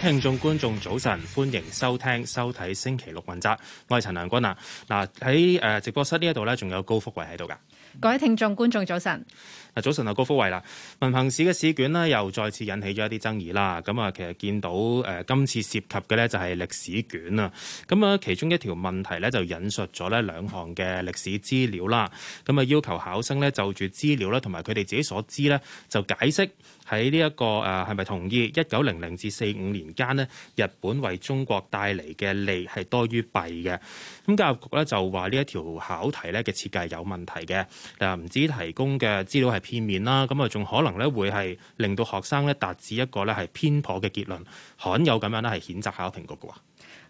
聽眾觀眾早晨，歡迎收聽收睇星期六問責。我係陳良君啊，嗱喺誒直播室呢一度咧，仲有高福慧喺度噶。各位聽眾觀眾早晨。嗱早晨啊，高福慧啦。文憑試嘅試卷呢，又再次引起咗一啲爭議啦。咁啊，其實見到誒今次涉及嘅咧就係歷史卷啊。咁啊，其中一條問題咧就引述咗呢兩項嘅歷史資料啦。咁啊，要求考生咧就住資料啦，同埋佢哋自己所知咧就解釋。喺呢一個誒係咪同意一九零零至四五年間咧，日本為中國帶嚟嘅利係多於弊嘅？咁教育局咧就話呢一條考題咧嘅設計係有問題嘅，嗱唔止提供嘅資料係片面啦，咁啊仲可能咧會係令到學生咧達至一個咧係偏頗嘅結論，罕有咁樣咧係譴責考評局嘅。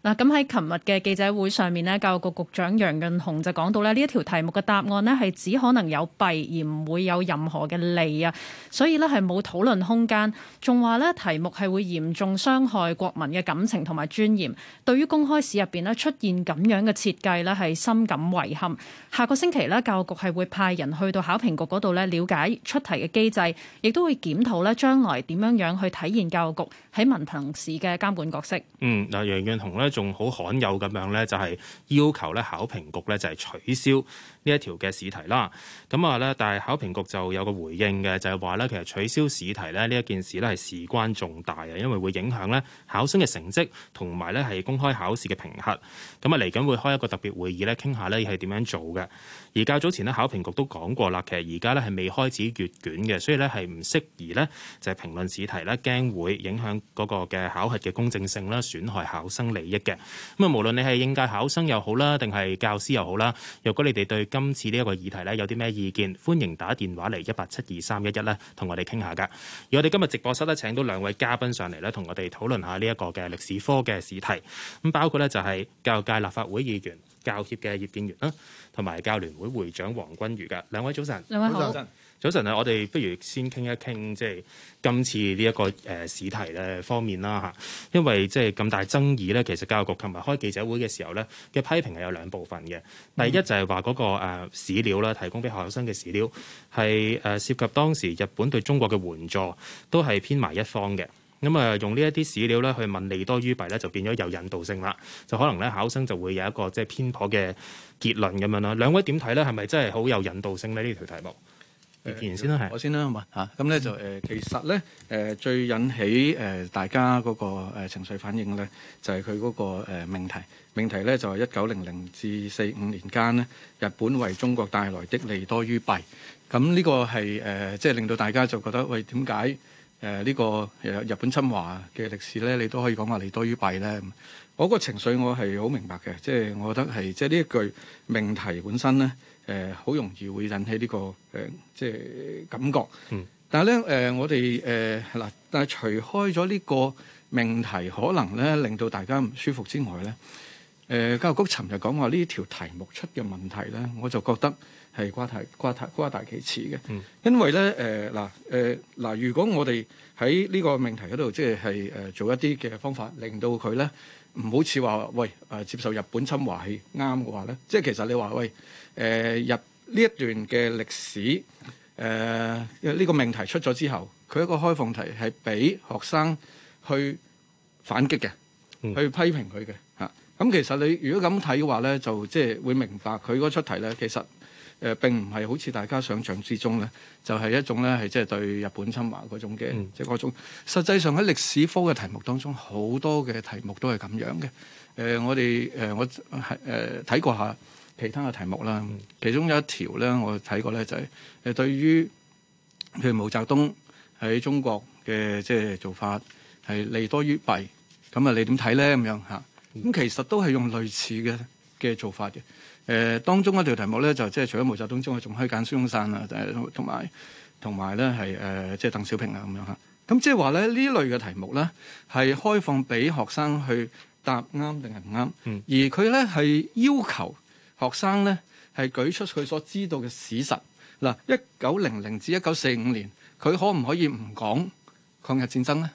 嗱，咁喺琴日嘅記者會上面咧，教育局局長楊潤雄就講到咧，呢一條題目嘅答案咧係只可能有弊而唔會有任何嘅利啊，所以咧係冇討論空間，仲話咧題目係會嚴重傷害國民嘅感情同埋尊嚴，對於公開試入邊咧出現咁樣嘅設計咧係深感遺憾。下個星期咧，教育局係會派人去到考評局嗰度咧了解出題嘅機制，亦都會檢討咧將來點樣樣去體現教育局喺文憑試嘅監管角色。嗯，嗱，楊潤雄咧。仲好罕有咁樣咧，就係要求咧考評局咧就係取消呢一條嘅試題啦。咁啊咧，但係考評局就有個回應嘅，就係話咧，其實取消試題咧呢一件事咧係事關重大嘅，因為會影響咧考生嘅成績同埋咧係公開考試嘅評核。咁啊嚟緊會開一個特別會議咧，傾下咧係點樣做嘅。而較早前呢，考評局都講過啦，其實而家咧係未開始閱卷嘅，所以咧係唔適宜咧就係評論試題咧，驚會影響嗰個嘅考核嘅公正性啦，損害考生利益。嘅咁啊，無論你係應屆考生又好啦，定係教師又好啦，若果你哋對今次呢一個議題咧有啲咩意見，歡迎打電話嚟一八七二三一一咧，同我哋傾下噶。而我哋今日直播室呢，請到兩位嘉賓上嚟呢，同我哋討論下呢一個嘅歷史科嘅試題。咁包括呢就係教育界立法會議員教協嘅葉建源啦，同埋教聯會會長黃均瑜噶。兩位早晨，兩位好。好早晨啊！我哋不如先傾一傾，即係今次呢、這、一個誒、呃、史題咧方面啦嚇，因為即係咁大爭議咧。其實教育局今日開記者會嘅時候咧嘅批評係有兩部分嘅。第一就係話嗰個、呃、史料啦，提供俾學生嘅史料係誒、呃、涉及當時日本對中國嘅援助，都係偏埋一方嘅。咁、嗯、啊、呃，用呢一啲史料咧去問利多於弊咧，就變咗有引導性啦。就可能咧考生就會有一個即係偏頗嘅結論咁樣啦。兩位點睇咧？係咪真係好有引導性咧？呢條題目？呃、先啦，我先啦，好嘛嚇？咁咧就誒，其實咧誒，最引起誒大家嗰個情緒反應咧，就係佢嗰個命題。命題咧就係一九零零至四五年間呢，日本為中國帶來的利多於弊。咁呢個係誒，即係令到大家就覺得喂，點解誒呢個日本侵華嘅歷史咧，你都可以講話利多於弊咧？我個情緒我係好明白嘅，即係我覺得係即係呢一句命題本身咧。誒好、呃、容易會引起呢、這個誒、呃、即係感覺，但係咧誒我哋誒係但係除開咗呢個命題，可能咧令到大家唔舒服之外咧，誒、呃、教育局尋日講話呢條題目出嘅問題咧，我就覺得係誇大誇大誇大其詞嘅，嗯、因為咧誒嗱誒嗱，如果我哋喺呢個命題嗰度即係係誒做一啲嘅方法，令到佢咧唔好似話喂誒、呃、接受日本侵華係啱嘅話咧，即、就、係、是、其實你話喂。誒、呃、入呢一段嘅歷史，誒、呃、呢、這個命題出咗之後，佢一個開放題係俾學生去反擊嘅，嗯、去批評佢嘅嚇。咁、啊、其實你如果咁睇嘅話咧，就即係會明白佢嗰出題咧，其實誒、呃、並唔係好似大家想象之中咧，就係、是、一種咧係即係對日本侵華嗰種嘅即係嗰種。實際上喺歷史科嘅題目當中，好多嘅題目都係咁樣嘅。誒、呃、我哋誒、呃、我係誒睇過下。其他嘅題目啦，其中有一條咧，我睇過咧，就係誒對於譬如毛澤東喺中國嘅即係做法係利多於弊，咁啊你點睇咧？咁樣嚇，咁其實都係用類似嘅嘅做法嘅。誒當中一條題目咧，就即係除咗毛澤東之外，仲可以揀孫中山呀，誒同同埋同埋咧係誒即係鄧小平啊咁樣嚇。咁即係話咧呢類嘅題目咧係開放俾學生去答啱定係唔啱，而佢咧係要求。學生咧係舉出佢所知道嘅史實嗱，一九零零至一九四五年，佢可唔可以唔講抗日戰爭咧？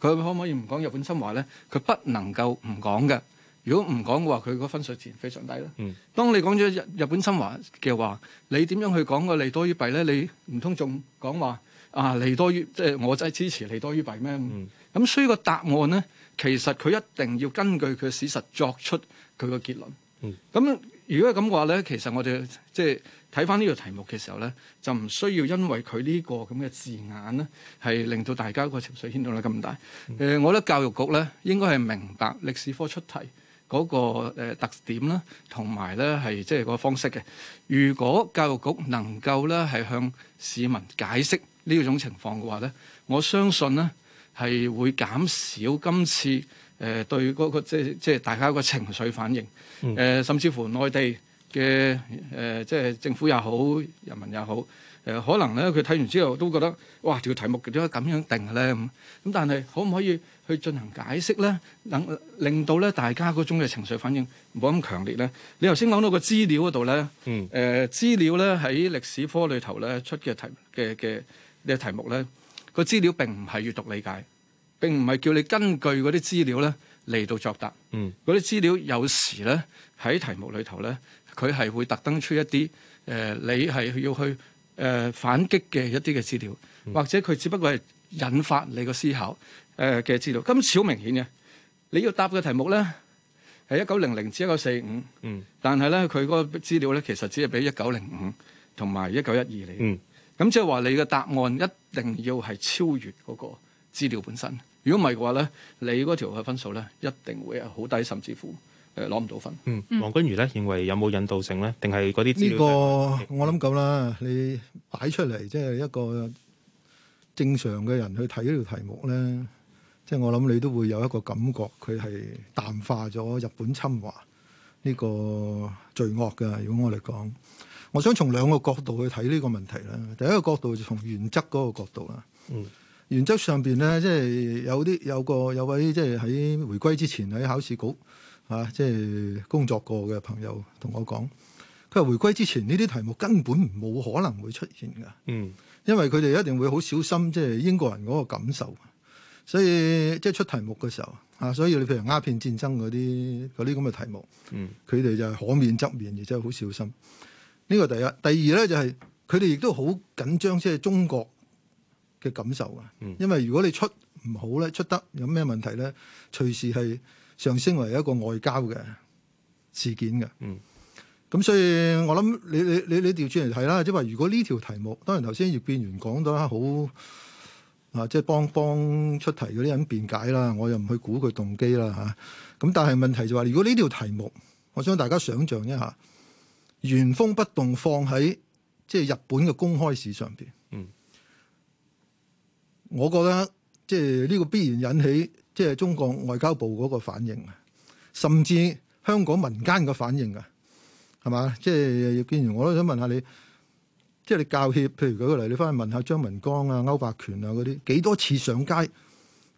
佢可唔可以唔講日本侵華咧？佢不能夠唔講嘅。如果唔講嘅話，佢個分數自然非常低啦。嗯，當你講咗日日本侵華嘅話，你點樣去講個利多於弊咧？你唔通仲講話啊利多於即係、呃、我真係支持利多於弊咩？嗯，咁所以個答案咧，其實佢一定要根據佢嘅史實作出佢個結論。咁、嗯。嗯如果咁嘅話咧，其實我哋即係睇翻呢個題目嘅時候咧，就唔需要因為佢呢個咁嘅字眼咧，係令到大家個情緒牽動得咁大。誒、呃，我覺得教育局咧應該係明白歷史科出題嗰、個、呃、特點啦，同埋咧係即係個方式嘅。如果教育局能夠咧係向市民解釋呢種情況嘅話咧，我相信咧係會減少今次。誒、呃、對嗰、嗰個、即係即係大家個情緒反應，誒、呃、甚至乎內地嘅誒、呃、即係政府也好，人民也好，誒、呃、可能咧佢睇完之後都覺得，哇條題目點解咁樣定嘅咧？咁、嗯、咁但係可唔可以去進行解釋咧？能令到咧大家嗰種嘅情緒反應冇咁強烈咧？你頭先講到個資料嗰度咧，誒、呃、資料咧喺歷史科裏頭咧出嘅題嘅嘅嘅題目咧，個資料並唔係閱讀理解。並唔係叫你根據嗰啲資料咧嚟到作答。嗯，嗰啲資料有時咧喺題目裏頭咧，佢係會特登出一啲誒、呃，你係要去誒、呃、反擊嘅一啲嘅資料，嗯、或者佢只不過係引發你個思考誒嘅、呃、資料。超明顯嘅，你要答嘅題目咧係一九零零至一九四五。嗯，但係咧佢嗰個資料咧其實只係俾一九零五同埋一九一二嚟。嗯，咁即係話你嘅答案一定要係超越嗰、嗰個。資料本身，如果唔係嘅話咧，你嗰條嘅分數咧，一定會係好低，甚至乎誒攞唔到分。嗯，黃均瑜咧認為有冇引導性咧，定係嗰啲資料？呢個我諗咁啦，你擺出嚟，即係一個正常嘅人去睇呢條題目咧，即係我諗你都會有一個感覺，佢係淡化咗日本侵華呢個罪惡嘅。如果我嚟講，我想從兩個角度去睇呢個問題啦。第一個角度就從原則嗰個角度啦。嗯。原則上邊咧，即係有啲有個有位即係喺回歸之前喺考試局啊，即係工作過嘅朋友同我講，佢話回歸之前呢啲題目根本冇可能會出現噶。嗯，因為佢哋一定會好小心，即係英國人嗰個感受。所以即係出題目嘅時候啊，所以你譬如鴉片戰爭嗰啲嗰啲咁嘅題目，嗯，佢哋就係可免則免，亦而且好小心。呢個第一，第二咧就係佢哋亦都好緊張，即係中國嘅感受啊，因為如果你出唔好咧，出得有咩問題咧，隨時係上升為一個外交嘅事件嘅。咁、嗯、所以我，我諗你你你你調轉嚟睇啦，即係話如果呢條題目，當然頭先葉建源講到啦，好啊，即、就、係、是、幫幫出題嗰啲人辯解啦，我又唔去估佢動機啦吓，咁、啊、但係問題就話、是、如果呢條題目，我想大家想象一下，原封不動放喺即係日本嘅公開試上邊。我覺得即係呢個必然引起即係中國外交部嗰個反應啊，甚至香港民間嘅反應啊，係嘛？即係葉建源，我都想問下你，即係你教協，譬如舉個例，你翻去問下張文光啊、歐百權啊嗰啲，幾多次上街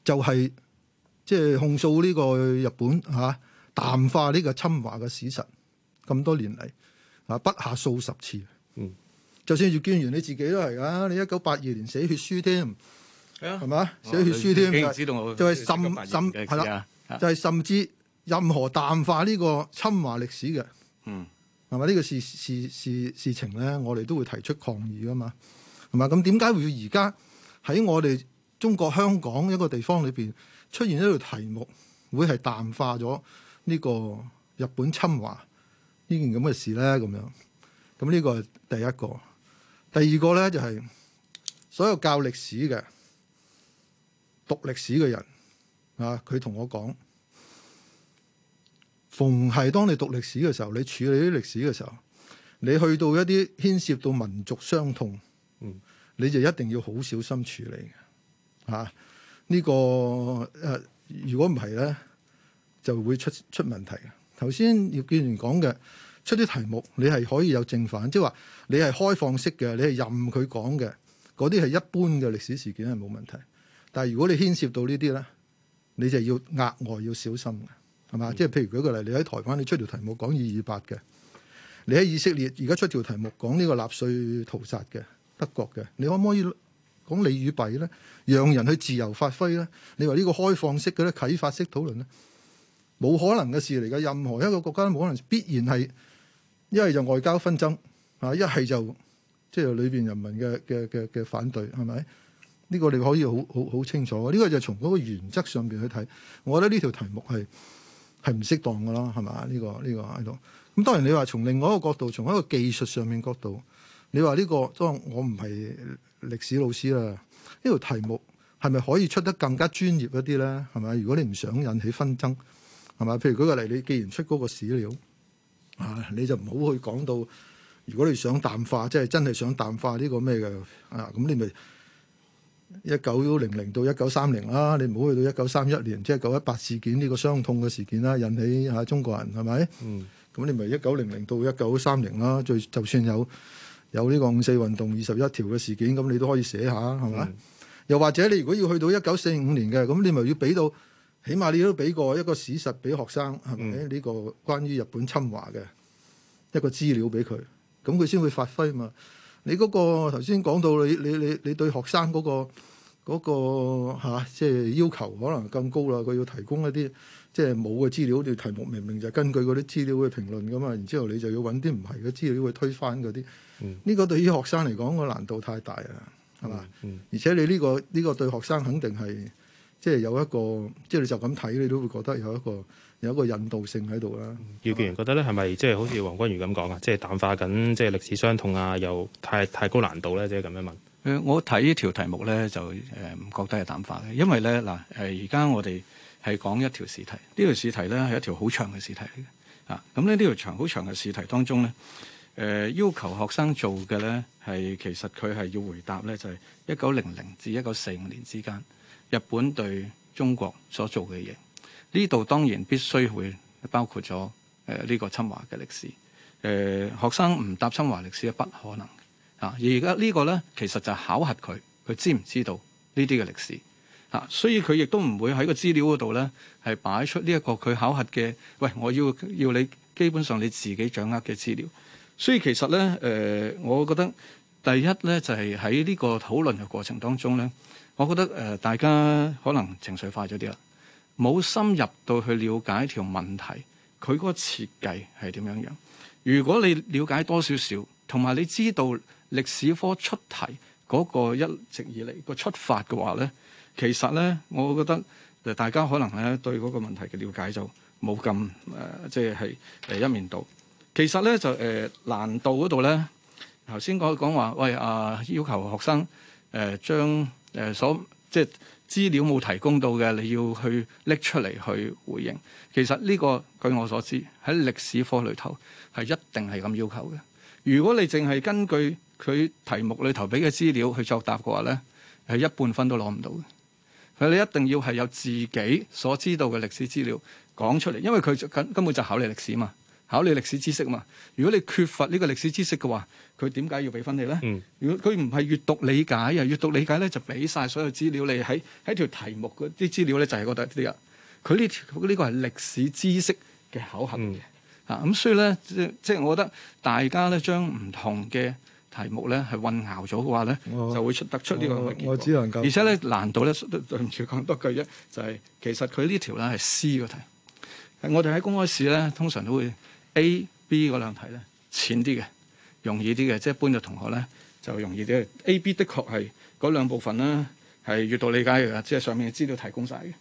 就係即係控訴呢個日本嚇、啊、淡化呢個侵華嘅史實，咁多年嚟嚇不下數十次。嗯，就算葉建源你自己都係啊，你一九八二年寫血書添。係嘛？寫血書添、啊、就係甚、啊、甚係啦，就係、是、甚至任何淡化呢個侵華歷史嘅，嗯，係咪？呢、這個事事事事情咧，我哋都會提出抗議噶嘛，係嘛？咁點解會要而家喺我哋中國香港一個地方裏邊出現一條題目，會係淡化咗呢個日本侵華件呢件咁嘅事咧？咁樣咁呢個係第一個，第二個咧就係、是、所有教歷史嘅。讀歷史嘅人啊，佢同我講，逢係當你讀歷史嘅時候，你處理啲歷史嘅時候，你去到一啲牽涉到民族傷痛，你就一定要好小心處理吓呢、啊這個誒、啊。如果唔係呢，就會出出問題。頭先葉建源講嘅出啲題目，你係可以有正反，即係話你係開放式嘅，你係任佢講嘅嗰啲係一般嘅歷史事件係冇問題。但係如果你牽涉到呢啲咧，你就要額外要小心嘅，係嘛？即係、嗯、譬如舉個例，你喺台灣你出條題目講二二八嘅，你喺以色列而家出條題目講呢個納粹屠殺嘅德國嘅，你可唔可以講利與弊咧？讓人去自由發揮咧？你話呢個開放式嘅咧、啟發式討論咧，冇可能嘅事嚟嘅。任何一個國家都冇可能必然係一係就外交紛爭嚇，一係就即係裏邊人民嘅嘅嘅嘅反對係咪？呢個你可以好好好清楚。呢個就從嗰個原則上邊去睇，我覺得呢條題目係係唔適當嘅啦，係嘛？呢個呢個喺度。咁當然你話從另外一個角度，從一個技術上面角度，你話呢個，當我唔係歷史老師啦。呢條題目係咪可以出得更加專業一啲咧？係咪？如果你唔想引起紛爭，係咪？譬如舉個例，你既然出嗰個史料，啊，你就唔好去講到。如果你想淡化，即係真係想淡化呢個咩嘅啊？咁你咪。一九零零到一九三零啦，你唔好去到一九三一年，即係九一八事件呢、這個傷痛嘅事件啦，引起吓中國人係咪？咁、嗯、你咪一九零零到一九三零啦，最就算有有呢個五四運動、二十一條嘅事件，咁你都可以寫下，係咪？嗯、又或者你如果要去到一九四五年嘅，咁你咪要俾到，起碼你都俾個一個史實俾學生，係咪？呢、嗯、個關於日本侵華嘅一個資料俾佢，咁佢先會發揮嘛。你嗰個頭先講到你你你你對學生嗰個嗰個，即係要求可能更高啦。佢要提供一啲即係冇嘅資料，你題目明明就根據嗰啲資料去評論噶嘛。然之後你就要揾啲唔係嘅資料去推翻嗰啲。嗯、呢個對於學生嚟講個難度太大啦，係嘛？嗯嗯、而且你呢個呢個對學生肯定係即係有一個，即係你就咁睇你都會覺得有一個。有個引導性喺度啦。葉建源覺得咧，係咪即係好似黃均瑜咁講啊？即係淡化緊，即係歷史傷痛啊，又太太高難度咧，即係咁樣問。誒， 我睇呢條題目咧，就誒唔覺得係淡化嘅，因為咧嗱誒，而家我哋係講一條試題，呢條試題咧係一條好長嘅試題嚟嘅啊。咁咧呢條長好長嘅試題當中咧，誒、呃、要求學生做嘅咧係其實佢係要回答咧，就係一九零零至一九四五年之間，日本對中國所做嘅嘢。呢度當然必須會包括咗誒呢個侵華嘅歷史。誒、呃、學生唔答侵華歷史係不可能啊！而家呢個呢，其實就考核佢，佢知唔知道呢啲嘅歷史啊？所以佢亦都唔會喺個資料嗰度呢，係擺出呢一個佢考核嘅。喂，我要要你基本上你自己掌握嘅資料。所以其實呢，誒、呃，我覺得第一呢，就係喺呢個討論嘅過程當中呢，我覺得誒、呃、大家可能情緒快咗啲啦。冇深入到去了解條問題，佢嗰個設計係點樣樣？如果你了解多少少，同埋你知道歷史科出題嗰個一直以嚟個出發嘅話咧，其實咧，我覺得誒大家可能咧對嗰個問題嘅了解就冇咁誒即係誒一面倒。其實咧就誒、呃、難度嗰度咧，頭先講講話喂啊、呃，要求學生誒、呃、將誒、呃、所即係。資料冇提供到嘅，你要去拎出嚟去回應。其實呢個，據我所知，喺歷史科裏頭係一定係咁要求嘅。如果你淨係根據佢題目裏頭俾嘅資料去作答嘅話呢，係一半分都攞唔到嘅。係你一定要係有自己所知道嘅歷史資料講出嚟，因為佢根本就考慮歷史嘛。考慮歷史知識嘛？如果你缺乏呢個歷史知識嘅話，佢點解要俾分你咧？嗯、如果佢唔係閱讀理解啊，閱讀理解咧就俾晒所有資料你喺喺條題目嗰啲資料咧就係嗰度啲啊。佢呢條呢個係歷史知識嘅考核嘅啊。咁所以咧，即係我覺得大家咧將唔同嘅題目咧係混淆咗嘅話咧，我就會出得出呢個我，我只能夠而且咧難度咧對唔住講多句啫，就係、是、其實佢呢條咧係 C 嘅題。我哋喺公開試咧，通常，常都會。A、B 嗰兩題咧淺啲嘅，容易啲嘅，即係一般嘅同學咧就容易啲。A、B 的確係嗰兩部分啦、啊，係閲讀理解嘅，即係上面嘅資料提供晒嘅。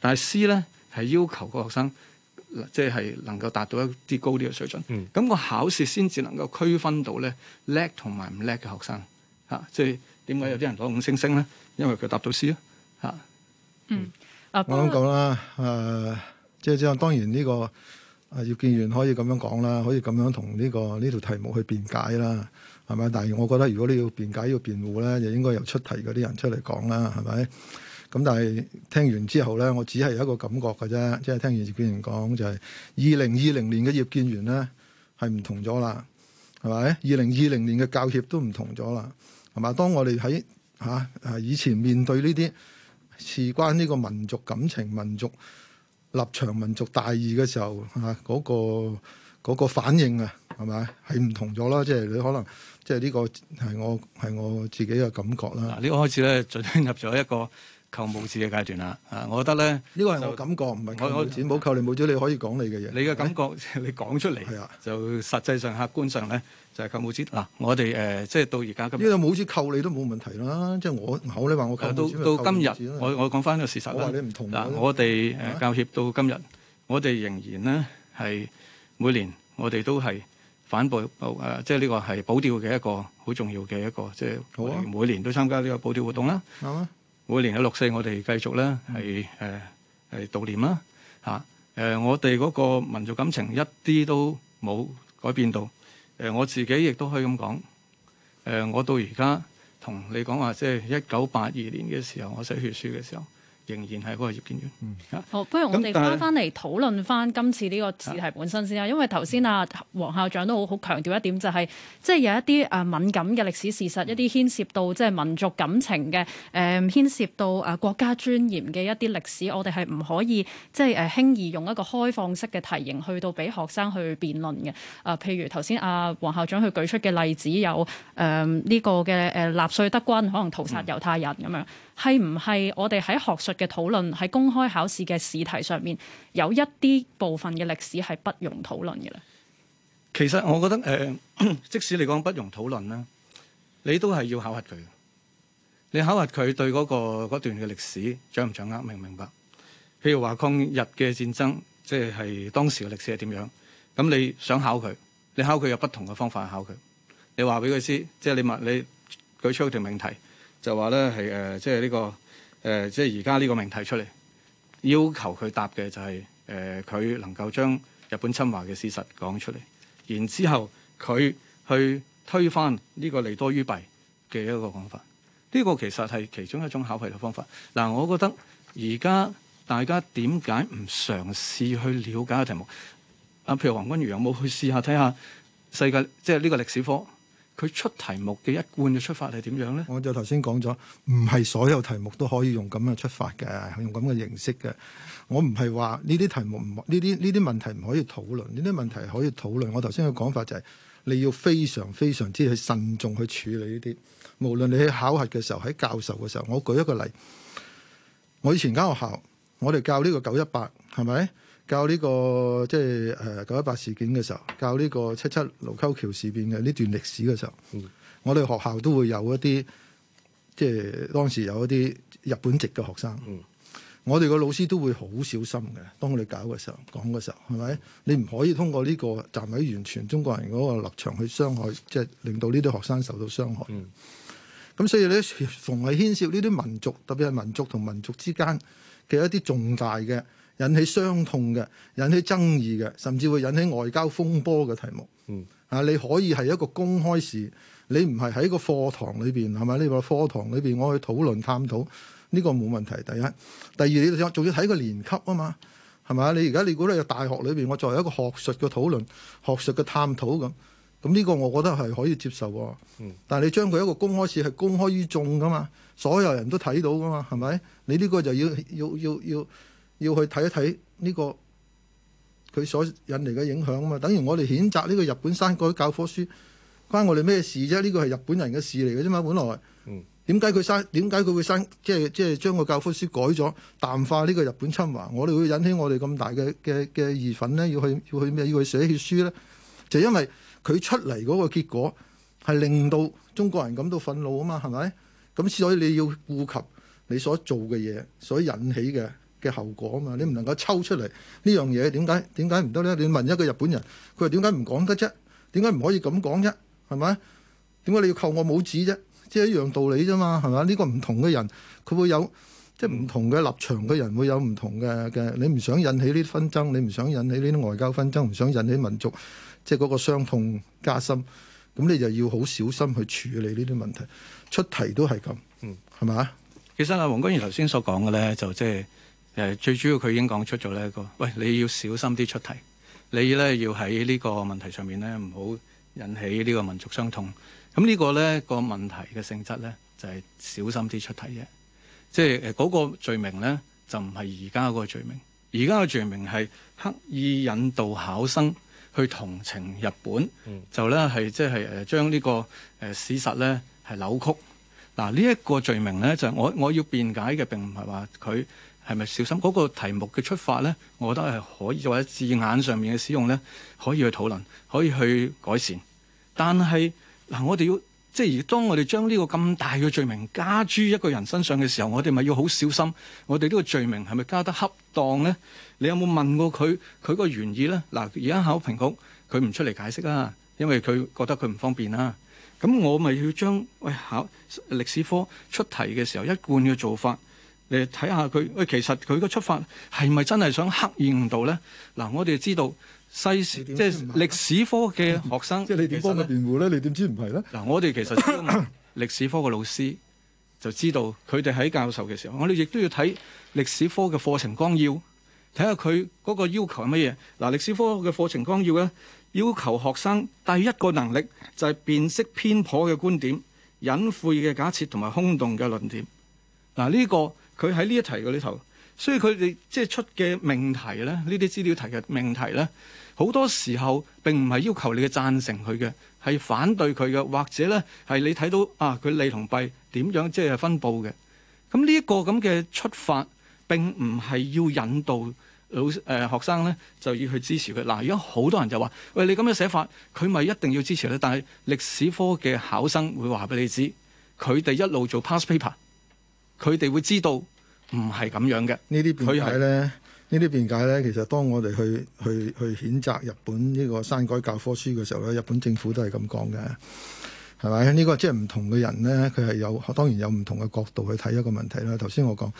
但係 C 咧係要求個學生即係能夠達到一啲高啲嘅水準。咁個、嗯、考試先至能夠區分到咧叻同埋唔叻嘅學生嚇。即係點解有啲人攞五星星咧？因為佢答到 C 咯、啊、嚇、嗯。我諗講啦，誒即係即係當然呢個。Gravity. 葉建源可以咁樣講啦，可以咁樣同呢個呢條題目去辯解啦，係咪？但係我覺得如果你要辯解要辯護咧，就應該由出題嗰啲人出嚟講啦，係咪？咁但係聽完之後咧，我只係有一個感覺嘅啫，即係聽完葉建源講就係二零二零年嘅葉建源咧係唔同咗啦，係咪？二零二零年嘅教協都唔同咗啦，係咪？當我哋喺嚇誒以前面對呢啲事關呢個民族感情、民族。立場、民族大義嘅時候，吓嗰個嗰個反應啊，係咪係唔同咗啦？即係你可能，即係呢個係我係我自己嘅感覺啦。嗱、啊，呢個開始咧進入咗一個。扣帽子嘅階段啦，啊，我覺得咧，呢個係我感覺，唔係我冇扣你帽子，你可以講你嘅嘢。你嘅感覺你講出嚟，就實際上、客觀上咧，就係扣帽子。嗱，我哋誒即係到而家今日，呢個帽子扣你都冇問題啦。即係我好你話我扣帽子，到到今日，我我講翻個事實啦。嗱，我哋誒教協到今日，我哋仍然呢，係每年我哋都係反報報即係呢個係保釣嘅一個好重要嘅一個，即係每年都參加呢個保釣活動啦。啱啊！每年喺六四，我哋繼續咧係誒係悼念啦嚇誒，我哋嗰個民族感情一啲都冇改變到誒、呃，我自己亦都可以咁講誒，我到而家同你講話，即係一九八二年嘅時候，我寫血書嘅時候。仍然係嗰個葉建源。嗯。好，不如我哋翻翻嚟討論翻今次呢個試題本身先啦。嗯、因為頭先啊黃校長都好好強調一點，就是，就係即係有一啲誒敏感嘅歷史事實，一啲牽涉到即係民族感情嘅誒、嗯，牽涉到誒國家尊嚴嘅一啲歷史，我哋係唔可以即係誒輕易用一個開放式嘅題型去到俾學生去辯論嘅。誒、啊，譬如頭先啊黃校長佢舉出嘅例子，有誒呢、嗯這個嘅誒納粹德軍可能屠殺猶太人咁樣。嗯係唔係我哋喺學術嘅討論，喺公開考試嘅試題上面，有一啲部分嘅歷史係不容討論嘅咧？其實我覺得，誒、呃，即使你講不容討論啦，你都係要考核佢。你考核佢對嗰個嗰段嘅歷史掌唔掌握，明唔明白？譬如話抗日嘅戰爭，即係當時嘅歷史係點樣？咁你想考佢，你考佢有不同嘅方法考佢。你話俾佢知，即係你問你舉出一條命題。就話呢，係誒、呃，即係呢、這個誒、呃，即係而家呢個命題出嚟，要求佢答嘅就係、是、誒，佢、呃、能夠將日本侵華嘅事實講出嚟，然之後佢去推翻呢個利多於弊嘅一個講法。呢、這個其實係其中一種考題嘅方法。嗱，我覺得而家大家點解唔嘗試去了解個題目？啊，譬如黃均瑜有冇去試下睇下世界，即係呢個歷史科？佢出題目嘅一貫嘅出發係點樣呢？我就頭先講咗，唔係所有題目都可以用咁嘅出發嘅，用咁嘅形式嘅。我唔係話呢啲題目唔呢啲呢啲問題唔可以討論，呢啲問題可以討論。我頭先嘅講法就係，你要非常非常之去慎重去處理呢啲。無論你去考核嘅時候，喺教授嘅時候，我舉一個例，我以前間學校，我哋教呢個九一八，係咪？教呢個即係誒九一八事件嘅時候，教呢個七七盧溝橋事變嘅呢段歷史嘅時候，嗯、我哋學校都會有一啲即係當時有一啲日本籍嘅學生，嗯、我哋個老師都會好小心嘅。當我哋搞嘅時候，講嘅時候，係咪？你唔可以通過呢個站喺完全中國人嗰個立場去傷害，即係令到呢啲學生受到傷害。咁、嗯、所以咧，逢係牽涉呢啲民族，特別係民族同民族之間嘅一啲重大嘅。引起傷痛嘅、引起爭議嘅，甚至會引起外交風波嘅題目。嗯啊，你可以係一個公開事，你唔係喺個課堂裏邊係咪？你話課堂裏邊我去討論探討呢個冇問題。第一，第二，你仲要睇個年級啊嘛，係咪？你而家你估你喺大學裏邊，我作為一個學術嘅討論、學術嘅探討咁，咁呢個我覺得係可以接受。嗯，但係你將佢一個公開事係公開於眾噶嘛，所有人都睇到噶嘛，係咪？你呢個就要要要要，要要要去睇一睇呢個佢所引嚟嘅影響啊嘛，等於我哋譴責呢個日本刪改教科書關我哋咩事啫？呢個係日本人嘅事嚟嘅啫嘛。本來點解佢刪點解佢會刪？即係即係將個教科書改咗淡化呢個日本侵華，我哋會引起我哋咁大嘅嘅嘅疑憤呢？要去要去咩要去寫血書呢？就因為佢出嚟嗰個結果係令到中國人感到憤怒啊嘛？係咪咁？所以你要顧及你所做嘅嘢，所引起嘅。嘅後果啊嘛！你唔能夠抽出嚟呢樣嘢，點解點解唔得咧？你問一個日本人，佢話點解唔講得啫？點解唔可以咁講啫？係咪？點解你要扣我帽子啫？即係一樣道理啫嘛？係咪？呢個唔同嘅人，佢會有即係唔同嘅立場嘅人，會有唔同嘅嘅。你唔想引起呢啲紛爭，你唔想引起呢啲外交紛爭，唔想引起民族即係嗰個傷痛加深，咁你就要好小心去處理呢啲問題。出題都係咁，嗯，係咪？其實阿黃均瑜頭先所講嘅咧，就即係。誒最主要佢已經講出咗呢個，喂你要小心啲出題，你呢要喺呢個問題上面呢，唔好引起呢個民族傷痛。咁呢個呢個問題嘅性質呢，就係、是、小心啲出題啫，即係誒嗰個罪名呢，就唔係而家嗰個罪名，而家嘅罪名係刻意引導考生去同情日本，嗯、就呢係即係誒將呢、這個事、呃、實呢係扭曲嗱。呢、啊、一、這個罪名呢，就係我我要辯解嘅並唔係話佢。係咪小心？嗰、那個題目嘅出發呢？我覺得係可以或者字眼上面嘅使用呢，可以去討論，可以去改善。但係嗱，我哋要即係，而當我哋將呢個咁大嘅罪名加諸一個人身上嘅時候，我哋咪要好小心，我哋呢個罪名係咪加得恰當呢？你有冇問過佢佢個原意呢？嗱，而家考評局佢唔出嚟解釋啦、啊，因為佢覺得佢唔方便啦、啊。咁我咪要將喂考歷史科出題嘅時候一貫嘅做法。你睇下佢，誒其實佢個出發係咪真係想刻意誤導咧？嗱，我哋知道細即係歷史科嘅學生，即係你點實幫佢辯護咧？你點知唔係咧？嗱，我哋其實 歷史科嘅老師就知道佢哋喺教授嘅時候，我哋亦都要睇歷史科嘅課程光耀，睇下佢嗰個要求係乜嘢嗱。歷史科嘅課程綱要咧，要求學生第一個能力就係、是、辨識偏頗嘅觀點、隱晦嘅假設同埋空洞嘅論點嗱。呢、這個佢喺呢一題嘅裏頭，所以佢哋即係出嘅命題咧，呢啲資料題嘅命題咧，好多時候並唔係要求你嘅贊成佢嘅，係反對佢嘅，或者咧係你睇到啊佢利同弊點樣即係分佈嘅。咁呢一個咁嘅出發並唔係要引導老誒、呃、學生咧就要去支持佢。嗱，而家好多人就話：喂，你咁嘅寫法，佢咪一定要支持咧？但係歷史科嘅考生會話俾你知，佢哋一路做 past paper。佢哋會知道唔係咁樣嘅，呢啲辯解呢？呢啲辯解呢？其實當我哋去去去譴責日本呢個刪改教科書嘅時候咧，日本政府都係咁講嘅。係咪？呢個即係唔同嘅人咧，佢係有當然有唔同嘅角度去睇一個問題啦。頭先我講，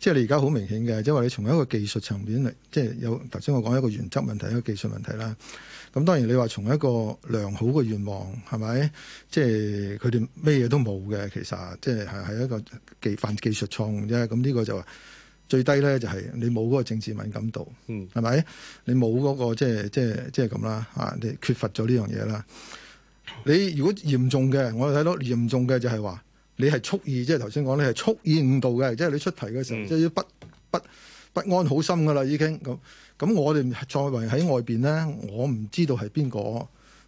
即係你而家好明顯嘅，即係話你從一個技術層面嚟，即係有頭先我講一個原則問題，一個技術問題啦。咁當然你話從一個良好嘅願望係咪？即係佢哋咩嘢都冇嘅，其實即係係係一個技犯技術錯誤啫。咁呢個就話最低咧，就係你冇嗰個政治敏感度，係咪？嗯、你冇嗰個即係即係即係咁啦，啊！你缺乏咗呢樣嘢啦。你如果嚴重嘅，我睇到嚴重嘅就係話，你係蓄意，即係頭先講，你係蓄意誤導嘅，即係你出題嘅時候，嗯、即係要不不不安好心噶啦已經咁。咁我哋作為喺外邊咧，我唔知道係邊個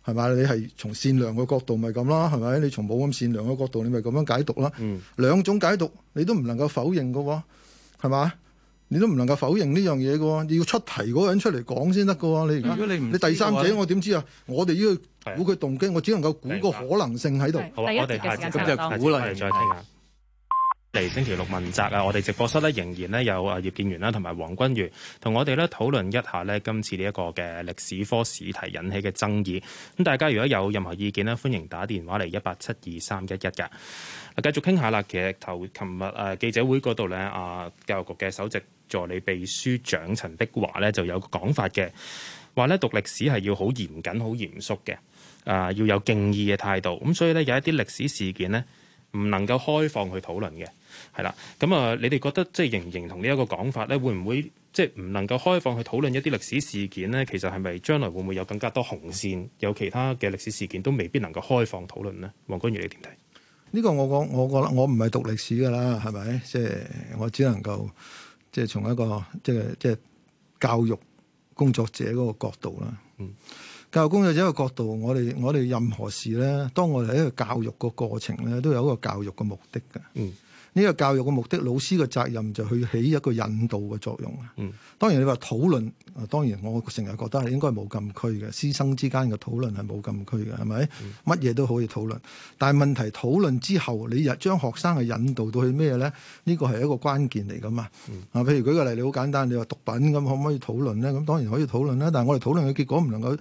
係咪？你係從善良嘅角度咪咁啦，係咪？你從冇咁善良嘅角度，你咪咁樣解讀啦。嗯、兩種解讀，你都唔能夠否認嘅喎，係嘛？你都唔能夠否認呢樣嘢嘅喎，你要出題嗰個人出嚟講先得嘅喎，你唔，如果你，你第三者你我點知啊？嗯、我哋要估佢動機，的我只能夠估個可能性喺度。好，第一個時間到，是是再聽下嚟星期六問責啊！的我哋直播室咧仍然呢有啊葉建元啦，同埋黃均瑜同我哋咧討論一下呢今次呢一個嘅歷史科試題引起嘅爭議。咁大家如果有任何意見呢，歡迎打電話嚟一八七二三一一嘅。嗱，繼續傾下啦。其實頭琴日誒記者會嗰度咧啊教育局嘅首席。助理秘書長陳碧華咧就有個講法嘅，話咧讀歷史係要好嚴謹、好嚴肅嘅，啊，要有敬意嘅態度。咁所以咧有一啲歷史事件咧唔能夠開放去討論嘅係啦。咁啊，你哋覺得即係認唔認同呢一個講法咧？會唔會即係唔能夠開放去討論一啲歷史事件咧？其實係咪將來會唔會有更加多紅線？有其他嘅歷史事件都未必能夠開放討論咧？黃均瑜你點睇呢個？我講我覺得，我唔係讀歷史噶啦，係咪？即係我只能夠。即係從一個即係即係教育工作者嗰個角度啦。嗯，教育工作者個角度，我哋我哋任何事咧，當我哋喺一個教育個過程咧，都有一個教育嘅目的嘅。嗯。呢個教育嘅目的，老師嘅責任就去起一個引導嘅作用。嗯，當然你話討論，當然我成日覺得係應該冇禁區嘅，師生之間嘅討論係冇禁區嘅，係咪？乜嘢、嗯、都可以討論，但係問題討論之後，你又將學生係引導到去咩咧？呢個係一個關鍵嚟㗎嘛。啊，譬如舉個例，你好簡單，你話毒品咁可唔可以討論咧？咁當然可以討論啦，但係我哋討論嘅結果唔能夠。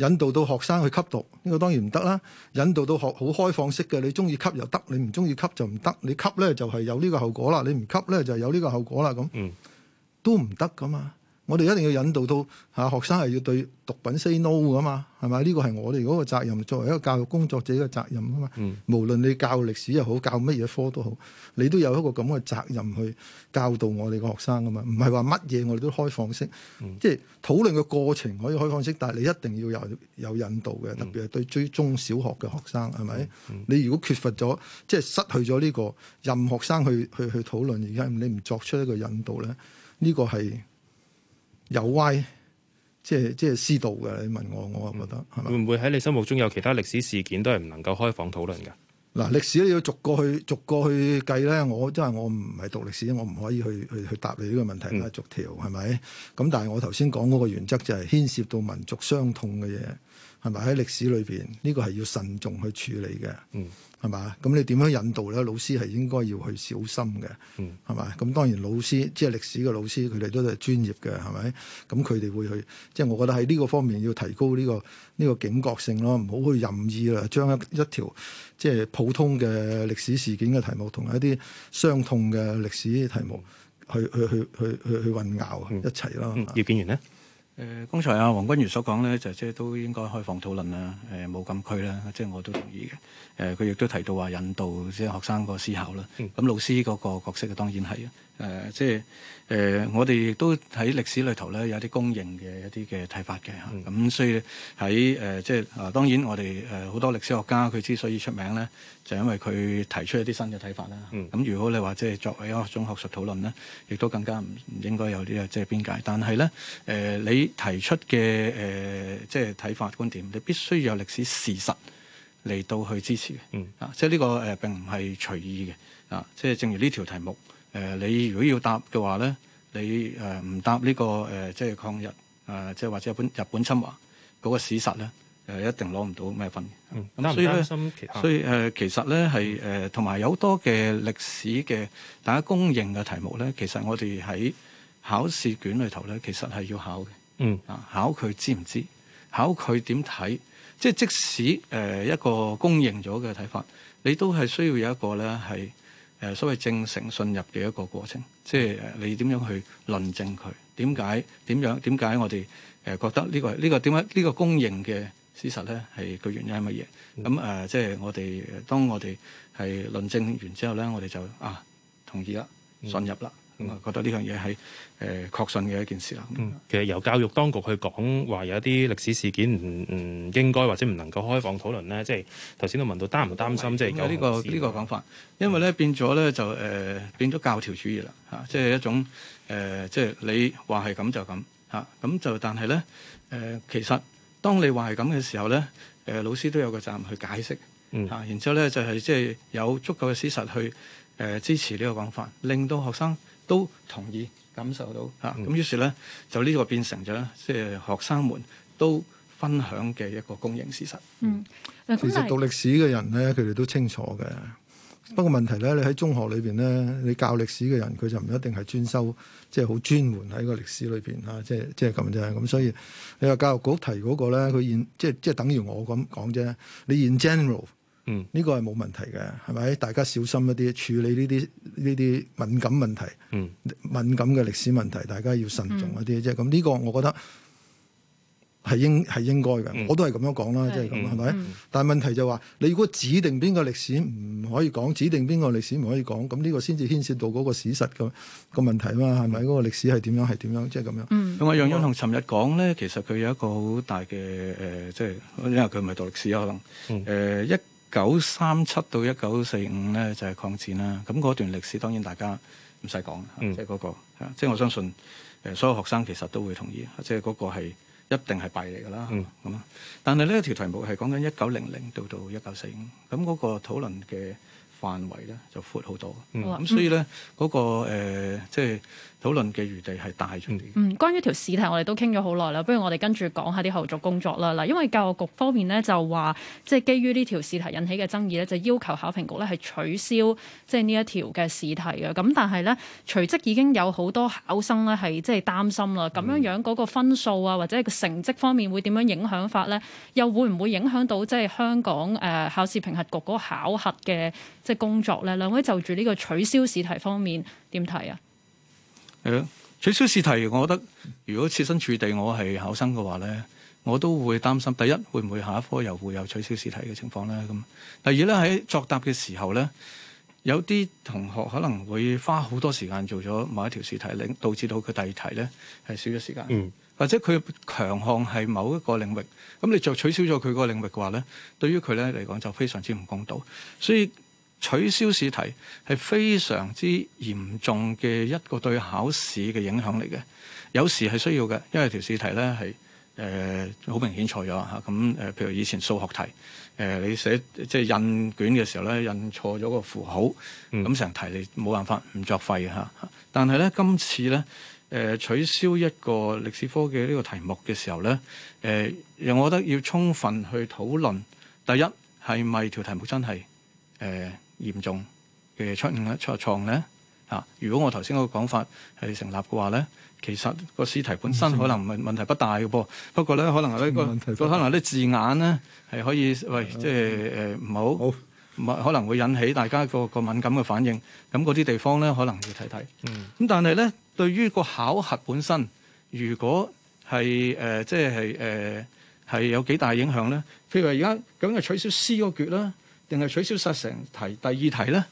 引導到學生去吸毒，呢個當然唔得啦。引導到學好開放式嘅，你中意吸又得，你唔中意吸就唔得。你吸咧就係有呢個後果啦，你唔吸咧就有呢個後果啦。咁都唔得㗎嘛。我哋一定要引導到嚇、啊、學生係要對毒品 say no 噶嘛，係咪？呢個係我哋嗰個責任，作為一個教育工作者嘅責任啊嘛。嗯、無論你教歷史又好，教乜嘢科都好，你都有一個咁嘅責任去教導我哋嘅學生啊嘛。唔係話乜嘢我哋都開放式，嗯、即係討論嘅過程可以開放式，但係你一定要有有引導嘅，特別係對追中小學嘅學生係咪？嗯嗯、你如果缺乏咗，即係失去咗呢、呢個任學生去去去，去討論，而家你唔作出一個引導咧，呢、呢個係。有歪，即係即係私道嘅。你問我，我啊覺得係嘛？嗯、吧會唔會喺你心目中有其他歷史事件都係唔能夠開放討論嘅？嗱、嗯，歷史都要逐個去逐個去計咧。我真係我唔係讀歷史，我唔可以去去去答你呢個問題啦。嗯、逐條係咪？咁但係我頭先講嗰個原則就係牽涉到民族傷痛嘅嘢。係咪喺歷史裏邊呢個係要慎重去處理嘅？嗯，係嘛？咁你點樣引導咧？老師係應該要去小心嘅。嗯，係嘛？咁當然老師即係歷史嘅老師，佢哋都係專業嘅，係咪？咁佢哋會去即係我覺得喺呢個方面要提高呢個呢個警覺性咯，唔好去任意啦，將一一條即係普通嘅歷史事件嘅題目同一啲傷痛嘅歷史題目去去去去去去混淆一齊咯。葉建源咧？誒、呃，剛才阿、啊、黃均瑜所講咧，就即、是、係都應該開放討論啊！誒、呃，冇禁區啦，即係我都同意嘅。誒、呃，佢亦都提到話引導即係、就是、學生個思考啦。咁、嗯、老師嗰個角色啊，當然係啊。誒，即係誒，我哋、嗯嗯嗯、亦都喺歷史裏頭咧，有啲公認嘅一啲嘅睇法嘅嚇。咁所以喺誒，即係當然我哋誒好多歷史學家，佢之所以出名咧，就因為佢提出一啲新嘅睇法啦。咁如果你話即係作為一種學術討論咧，亦都更加唔應該有呢個即係邊界。但係咧誒，你提出嘅誒即係睇法觀點，你必須要有歷史事實嚟到去支持嘅、嗯、啊。即係呢個誒並唔係隨意嘅啊。即係正如呢條題目。呃誒、呃，你如果要答嘅話咧，你誒唔、呃、答呢、這個誒、呃，即係抗日啊、呃，即係或者日本日本侵華嗰個事實咧，誒、呃、一定攞唔到咩分。嗯，咁所以咧，所以誒、呃、其實咧係誒，同、呃、埋有好多嘅歷史嘅大家公認嘅題目咧，其實我哋喺考試卷裏頭咧，其實係要考嘅。嗯，啊，考佢知唔知？考佢點睇？即係即使誒、呃、一個公認咗嘅睇法，你都係需要有一個咧係。誒所謂正誠信入嘅一個過程，即係你點樣去論證佢？點解？點樣？點解我哋誒覺得呢個呢、呢個點解呢個公認嘅事實咧係個原因係乜嘢？咁誒、嗯呃、即係我哋當我哋係論證完之後咧，我哋就啊同意啦，信入啦。嗯咁、嗯、覺得呢樣嘢係誒確信嘅一件事啦。嗯，嗯其實由教育當局去講話有一啲歷史事件唔唔、嗯、應該或者唔能夠開放討論咧，即係頭先都問到擔唔擔心，嗯、即係有呢個呢、呢個講法，因為咧變咗咧就誒、呃、變咗教條主義啦嚇、啊，即係一種誒、呃、即係你話係咁就咁嚇咁就，但係咧誒其實當你話係咁嘅時候咧，誒、呃、老師都有個責任去解釋嗯、啊、然之後咧就係即係有足夠嘅事實去誒支持呢個講法，令到學生，都同意感受到嚇，咁、嗯、於是咧就呢個變成咗咧，即係學生們都分享嘅一個公認事實。嗯嗯、其實讀歷史嘅人咧，佢哋都清楚嘅。嗯、不過問題咧，你喺中學裏邊咧，你教歷史嘅人佢就唔一定係專修，即係好專門喺個、就是、歷史裏邊嚇，即係即係咁啫。咁所以你話教育局提嗰個咧，佢現即係即係等於我咁講啫。你 in general。呢個係冇問題嘅，係咪？大家小心一啲處理呢啲呢啲敏感問題。敏感嘅歷史問題，大家要慎重一啲，即係咁。呢個我覺得係應係應該嘅，我都係咁樣講啦，即係咁，係咪？但係問題就話，你如果指定邊個歷史唔可以講，指定邊個歷史唔可以講，咁呢個先至牽涉到嗰個史實嘅個問題嘛，係咪？嗰個歷史係點樣，係點樣，即係咁樣。咁阿楊英雄尋日講咧，其實佢有一個好大嘅誒，即係因為佢唔係讀歷史可能，誒一九三七到一九四五咧就係、是、抗戰啦，咁嗰段歷史當然大家唔使講啦，即係嗰個，即係我相信誒、呃、所有學生其實都會同意，啊、即係嗰個係一定係弊嚟噶啦。咁、嗯啊、但係呢，這個條題目係講緊一九零零到到一九四五，咁嗰個討論嘅範圍咧就闊好多。咁、嗯啊、所以咧嗰、那個、呃、即係。討論嘅餘地係大咗啲。嗯，關於條試題，我哋都傾咗好耐啦。不如我哋跟住講下啲後續工作啦。嗱，因為教育局方面呢，就話，即係基於呢條試題引起嘅爭議呢，就要求考評局呢係取消即係呢一條嘅試題嘅。咁但係呢，隨即已經有好多考生呢係即係擔心啦。咁樣樣嗰個分數啊，或者個成績方面會點樣影響法呢，又會唔會影響到即係香港誒考試評核局嗰個考核嘅即係工作呢？兩位就住呢個取消試題方面點睇啊？誒，取消試題，我覺得如果設身處地，我係考生嘅話呢，我都會擔心。第一，會唔會下一科又會有取消試題嘅情況呢？咁第二呢，喺作答嘅時候呢，有啲同學可能會花好多時間做咗某一條試題，令導致到佢第二題呢係少咗時間。嗯，或者佢強項係某一個領域，咁你就取消咗佢個領域嘅話呢，對於佢呢嚟講就非常之唔公道，所以。取消試題係非常之嚴重嘅一個對考試嘅影響嚟嘅，有時係需要嘅，因為條試題呢係誒好明顯錯咗嚇，咁、啊、誒譬如以前數學題誒、呃、你寫即係印卷嘅時候呢，印錯咗個符號，咁成、嗯、題你冇辦法唔作廢嚇、啊。但係呢，今次呢誒、呃、取消一個歷史科嘅呢個題目嘅時候呢，誒、呃、我覺得要充分去討論，第一係咪條題目真係誒？呃嚴重嘅出誤咧、出錯咧嚇。如果我頭先嗰個講法係成立嘅話咧，其實個試題本身可能問問題不大嘅噃。不過咧，可能啲、呢個問題可能啲字眼咧係可以喂，即係誒唔好，好可能會引起大家個、嗰個敏感嘅反應。咁嗰啲地方咧，可能要睇睇。咁、嗯、但係咧，對於個考核本身，如果係誒，即係誒係有幾大影響咧？譬如話而家咁就取消詩嗰橛啦。定係取消曬成題第二題咧？